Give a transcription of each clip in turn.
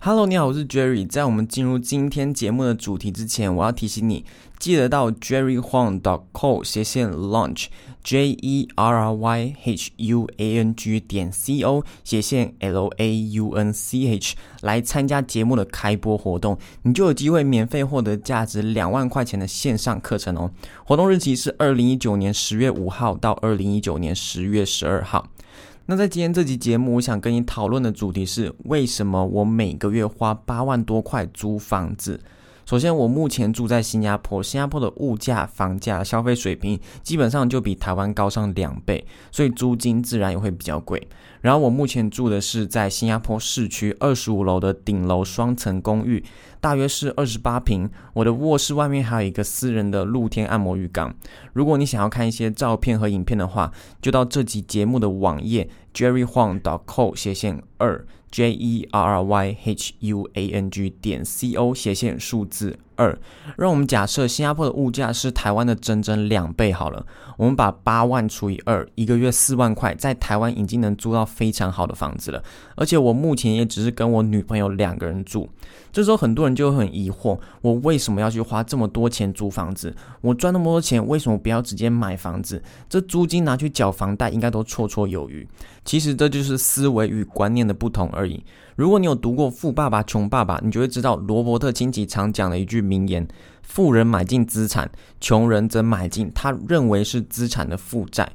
Hello，你好，我是 Jerry。在我們進入今天節目的主題之前，我要提醒你，記得到 Jerry Huang dot co 斜線 Launch，J E R R Y H U A N G 點 C O 斜線 L A U N C H 來參加節目的開播活動，你就有機會免費獲得價值兩萬塊錢的線上課程哦。活動日期是二零一九年十月五號到二零一九年十月十二號。那在今天這期節目，我想跟你討論的主題是為什麼我每個月花八萬多塊租房子。首先，我目前住在新加坡，新加坡的物價、房價、消費水平基本上就比台灣高上兩倍，所以租金自然也會比較貴。然後，我目前住的是在新加坡市區二十五樓的頂樓雙層公寓，大約是二十八平。我的臥室外面還有一個私人的露天按摩浴缸。如果你想要看一些照片和影片的話，就到這集節目的網頁。Jerry Huang dot co 斜線二 J E R R Y H U A N G 點 C O 斜線數字二。讓我們假設新加坡的物價是台灣的整整兩倍。好了，我們把八萬除以二，一個月四萬塊，在台灣已經能租到非常好的房子了。而且我目前也只是跟我女朋友兩個人住。這時候很多人就很疑惑：我為什麼要去花這麼多錢租房子？我賺那麼多錢，為什麼不要直接買房子？這租金拿去繳房貸，應該都綽綽有餘。其實這就是思維與觀念的不同而已。如果你有讀過《富爸爸窮爸爸》，你就會知道羅伯特清崎常講的一句名言：富人買進資產，窮人則買進他認為是資產的負債。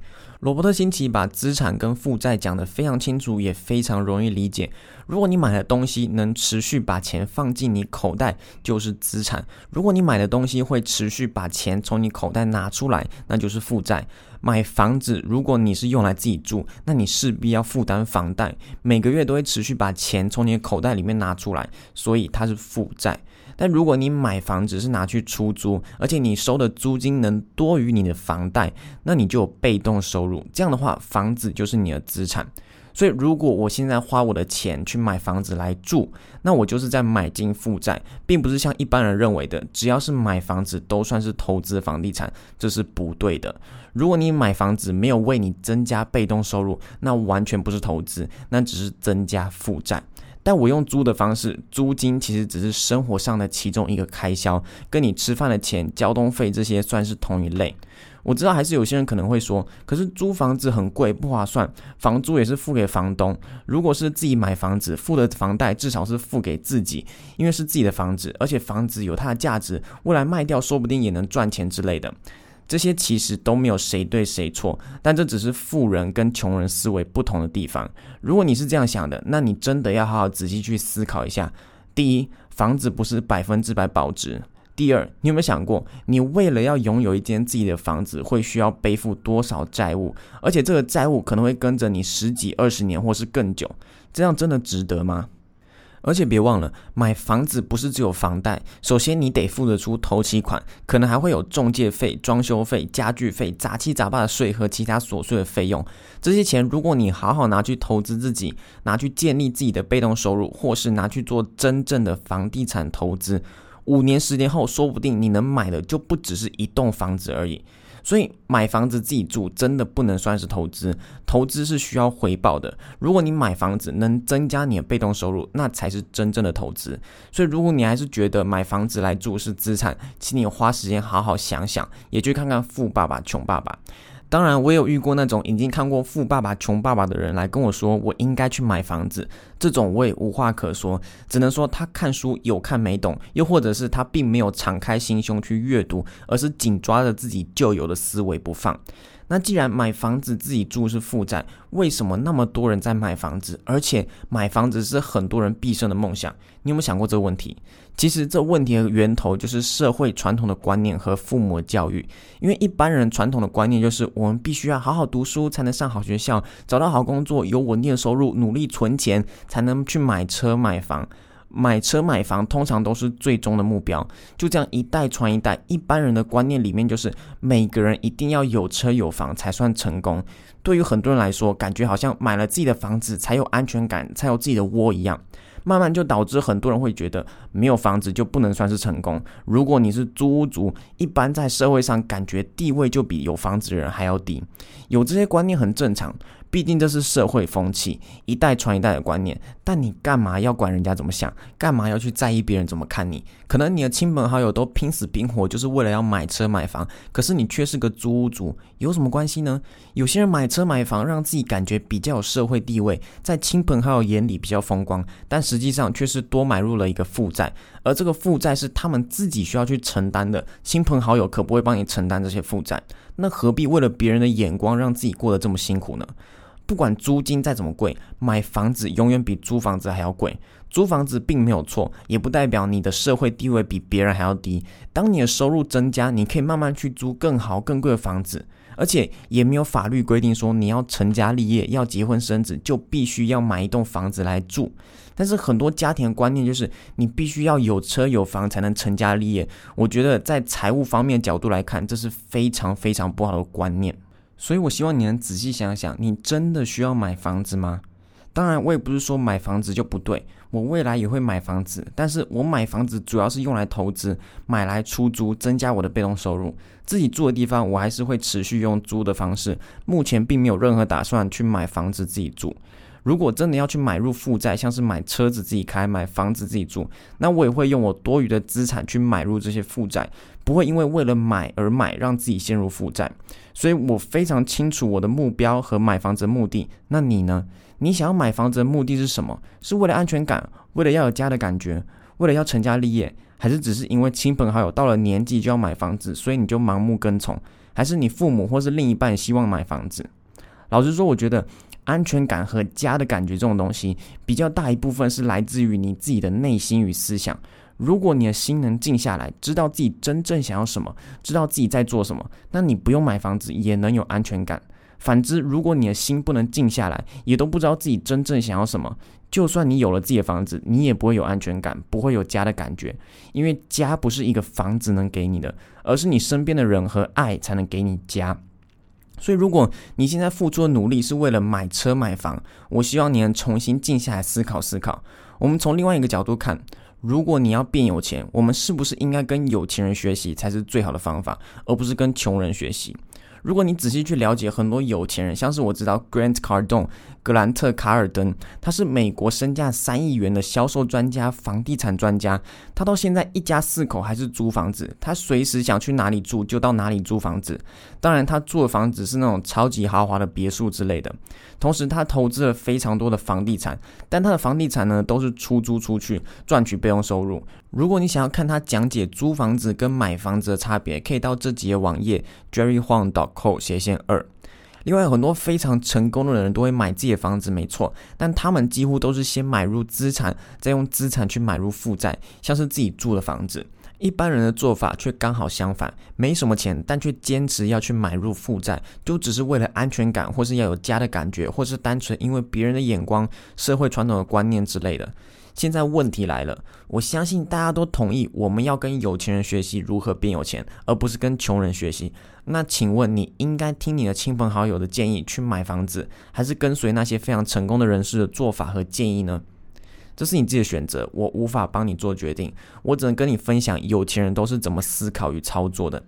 羅伯特·清崎把資產跟負債講得非常清楚，也非常容易理解。如果你買的東西能持續把錢放進你口袋，就是資產；如果你買的東西會持續把錢從你口袋拿出來，那就是負債。買房子，如果你是用來自己住，那你勢必要負擔房貸，每個月都會持續把錢從你的口袋裡面拿出來，所以它是負債。但如果你買房子是拿去出租，而且你收的租金能多於你的房貸，那你就有被動收入。這樣的話，房子就是你的資產。所以，如果我現在花我的錢去買房子來住，那我就是在買進負債，並不是像一般人認為的，只要是買房子都算是投資房地產，這是不對的。如果你買房子沒有為你增加被動收入，那完全不是投資，那只是增加負債。但我用租的方式，租金其實只是生活上的其中一個開銷，跟你吃飯的錢、交通費這些算是同一類。我知道還是有些人可能會說，可是租房子很貴，不划算。房租也是付給房東，如果是自己買房子，付的房貸至少是付給自己，因為是自己的房子，而且房子有它的價值，未來賣掉說不定也能賺錢之類的。這些其實都沒有誰對誰錯，但這只是富人跟窮人思維不同的地方。如果你是這樣想的，那你真的要好好仔細去思考一下。第一，房子不是百分之百保值。第二，你有沒有想過，你為了要擁有一間自己的房子，會需要背負多少債務？而且這個債務可能會跟着你十幾、二十年，或是更久。這樣真的值得嗎？而且別忘了，買房子不是只有房貸。首先，你得付得出頭期款，可能還會有仲介費、裝修費、家具費、雜七雜八的稅和其他瑣碎的費用。這些錢，如果你好好拿去投資自己，拿去建立自己的被動收入，或是拿去做真正的房地產投資，五年十年後，說不定你能買的就不只是一棟房子而已。所以買房子自己住，真的不能算是投資。投資是需要回報的。如果你買房子能增加你的被動收入，那才是真正的投資。所以，如果你還是覺得買房子來住是資產，請你花時間好好想想，也去看看《富爸爸窮爸爸》。當然，我也有遇過那種已經看過《富爸爸窮爸爸》的人來跟我說，我應該去買房子。這種我也無話可說，只能說他看書有看沒懂，又或者是他並沒有敞開心胸去閱讀，而是緊抓着自己舊有的思維不放。那既然買房子自己住是負債，為什麼那麼多人在買房子？而且買房子是很多人畢生的夢想，你有沒有想過這個問題？其實這問題的源頭就是社會傳統的觀念和父母的教育，因為一般人傳統的觀念就是我們必須要好好讀書才能上好學校，找到好工作，有穩定的收入，努力存錢才能去買車買房。買車買房通常都是最終的目標，就這樣一代傳一代。一般人的觀念裡面就是每個人一定要有車有房才算成功。對於很多人來說，感覺好像買了自己的房子才有安全感，才有自己的窩一樣。慢慢就導致很多人會覺得沒有房子就不能算是成功。如果你是租屋族，一般在社會上感覺地位就比有房子的人還要低。有這些觀念很正常。畢竟這是社會風氣，一代傳一代的觀念。但你幹嘛要管人家怎麼想？幹嘛要去在意別人怎麼看你？可能你的親朋好友都拼死拼活就是為了要買車買房，可是你卻是個租屋主，有什麼關係呢？有些人買車買房，讓自己感覺比較有社會地位，在親朋好友眼裡比較風光，但實際上卻是多買入了一個負債，而這個負債是他們自己需要去承擔的。親朋好友可不會幫你承擔這些負債，那何必為了別人的眼光，讓自己過得這麼辛苦呢？不管租金再怎麼貴，買房子永遠比租房子還要貴。租房子並沒有錯，也不代表你的社會地位比別人還要低。當你的收入增加，你可以慢慢去租更好、更貴的房子。而且也沒有法律規定說你要成家立業、要結婚生子就必須要買一棟房子來住。但是很多家庭觀念就是你必須要有車有房才能成家立業。我覺得在財務方面的角度來看，這是非常非常不好的觀念。所以，我希望你能仔細想想，你真的需要買房子嗎？當然，我也不是說買房子就不對，我未來也會買房子，但是我買房子主要是用來投資，買來出租，增加我的被動收入。自己住的地方，我還是會持續用租的方式，目前並沒有任何打算去買房子自己住。如果真的要去買入負債，像是買車子自己開、買房子自己住，那我也會用我多餘的資產去買入這些負債，不會因為為了買而買，讓自己陷入負債。所以我非常清楚我的目標和買房子的目的。那你呢？你想要買房子的目的是什麼？是為了安全感？為了要有家的感覺？為了要成家立業？還是只是因為親朋好友到了年紀就要買房子，所以你就盲目跟從？還是你父母或是另一半希望買房子？老實說，我覺得。安全感和家的感覺，這種東西比較大一部分是來自於你自己的內心與思想。如果你的心能靜下來，知道自己真正想要什麼，知道自己在做什麼，那你不用買房子也能有安全感。反之，如果你的心不能靜下來，也都不知道自己真正想要什麼，就算你有了自己的房子，你也不會有安全感，不會有家的感覺。因為家不是一個房子能給你的，而是你身邊的人和愛才能給你家。所以，如果你現在付出的努力是為了買車買房，我希望你能重新靜下來思考思考。我們從另外一個角度看，如果你要變有錢，我們是不是應該跟有錢人學習才是最好的方法，而不是跟窮人學習？如果你仔細去了解很多有錢人，像是我知道 Grant Cardone。格蘭特·卡爾登，他是美國身價三億元的銷售專家、房地產專家。他到現在一家四口還是租房子，他隨時想去哪裡住就到哪裡租房子。當然，他住的房子是那種超級豪華的別墅之類的。同時，他投資了非常多的房地產，但他的房地產呢都是出租出去賺取備用收入。如果你想要看他講解租房子跟買房子的差別，可以到這集的網頁 jerryhuang.co 斜線二。另外，很多非常成功的人都會買自己的房子，沒錯，但他們幾乎都是先買入資產，再用資產去買入負債，像是自己住的房子。一般人的做法卻剛好相反，沒什麼錢，但卻堅持要去買入負債，就只是為了安全感，或是要有家的感覺，或是單純因為別人的眼光、社會傳統的觀念之類的。現在問題來了，我相信大家都同意，我們要跟有錢人學習如何變有錢，而不是跟窮人學習。那請問，你應該聽你的親朋好友的建議去買房子，還是跟隨那些非常成功的人士的做法和建議呢？這是你自己的選擇，我無法幫你做決定，我只能跟你分享有錢人都是怎麼思考與操作的。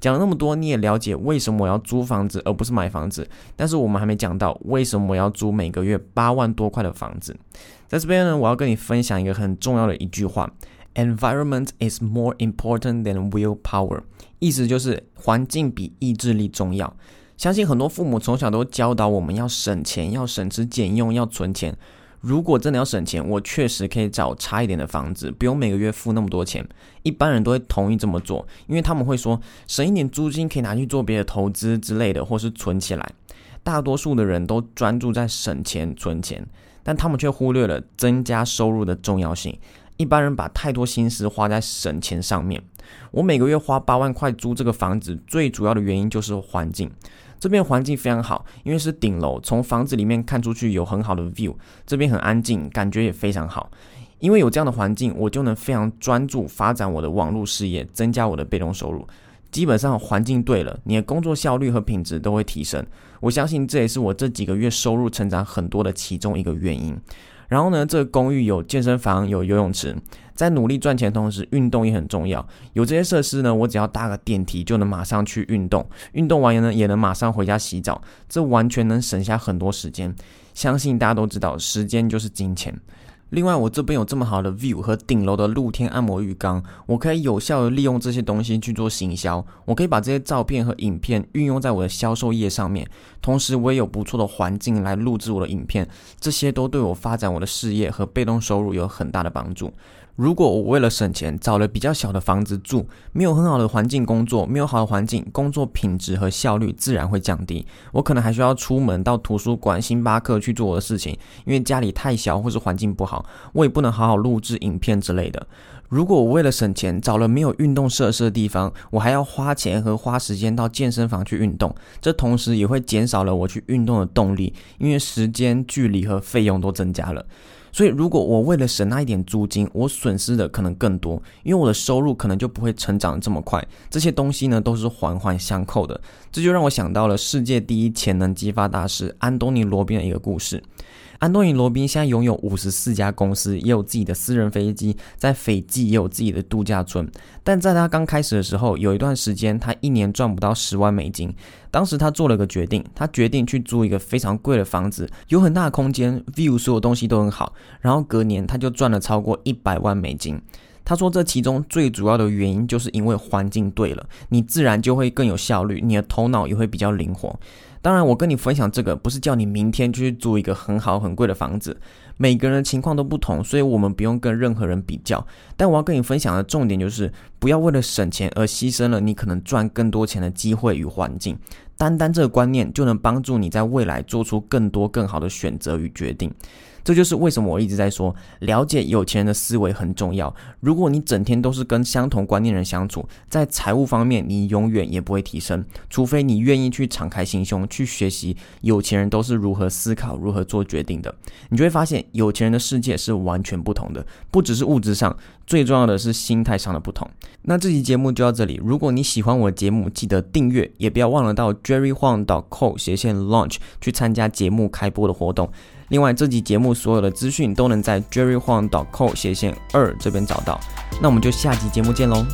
講了那麼多，你也了解為什麼我要租房子而不是買房子。但是我們還沒講到為什麼我要租每個月八萬多塊的房子。在這邊呢，我要跟你分享一個很重要的一句話：Environment is more important than willpower。意思就是環境比意志力重要。相信很多父母從小都教導我們要省錢，要省吃儉用，要存錢。如果真的要省錢，我確實可以找差一點的房子，不用每個月付那麼多錢。一般人都會同意這麼做，因為他們會說省一點租金可以拿去做別的投資之類的，或是存起來。大多數的人都專注在省錢、存錢，但他們卻忽略了增加收入的重要性。一般人把太多心思花在省錢上面。我每個月花八萬塊租這個房子，最主要的原因就是環境。這邊環境非常好，因為是頂樓，從房子裡面看出去有很好的 view。這邊很安靜，感覺也非常好。因為有這樣的環境，我就能非常專注發展我的網絡事業，增加我的被動收入。基本上環境對了，你的工作效率和品質都會提升。我相信這也是我這幾個月收入成長很多的其中一個原因。然後呢，這個公寓有健身房，有游泳池，在努力賺錢的同時，運動也很重要。有這些設施呢，我只要搭個電梯就能馬上去運動，運動完了呢也能馬上回家洗澡，這完全能省下很多時間。相信大家都知道，時間就是金錢。另外，我這邊有這麼好的 view 和頂樓的露天按摩浴缸，我可以有效地利用這些東西去做行銷。我可以把這些照片和影片運用在我的銷售頁上面，同時我也有不錯的環境來錄製我的影片，這些都對我發展我的事業和被動收入有很大的幫助。如果我為了省錢找了比較小的房子住，沒有很好的環境工作，沒有好的環境，工作品質和效率自然會降低。我可能還需要出門到圖書館、星巴克去做我的事情，因為家裡太小或是環境不好，我也不能好好錄制影片之類的。如果我為了省錢找了沒有運動設施的地方，我還要花錢和花時間到健身房去運動，這同時也會減少了我去運動的動力，因為時間、距離和費用都增加了。所以，如果我為了省那一點租金，我損失的可能更多，因為我的收入可能就不會成長這麼快。這些東西呢，都是環環相扣的。這就讓我想到了世界第一潛能激發大師安東尼羅賓的一個故事。安東尼·羅賓現在擁有五十四家公司，也有自己的私人飛機，在斐濟也有自己的度假村。但在他剛開始的時候，有一段時間他一年賺不到十萬美金。當時他做了個決定，他決定去租一個非常貴的房子，有很大的空間，view 所有東西都很好。然後隔年他就賺了超過一百萬美金。他說這其中最主要的原因就是因為環境對了，你自然就會更有效率，你的頭腦也會比較靈活。當然，我跟你分享這個，不是叫你明天去租一個很好很貴的房子。每個人的情況都不同，所以我們不用跟任何人比較。但我要跟你分享的重點就是，不要為了省錢而犧牲了你可能賺更多錢的機會與環境。單單這個觀念，就能幫助你在未來做出更多更好的選擇與決定。這就是為什麼我一直在說，了解有錢人的思維很重要。如果你整天都是跟相同觀念人相處，在財務方面，你永遠也不會提升，除非你願意去敞開心胸，去學習有錢人都是如何思考、如何做決定的。你就會發現，有錢人的世界是完全不同的，不只是物質上，最重要的是心態上的不同。那這期節目就到這裡，如果你喜歡我的節目，記得訂閱，也不要忘了到 Jerry Huang dot co 斜線 Launch 去參加節目開播的活動。另外，這集節目所有的資訊都能在 Jerry Huang dot co 斜線二這邊找到。那我們就下集節目見嘍。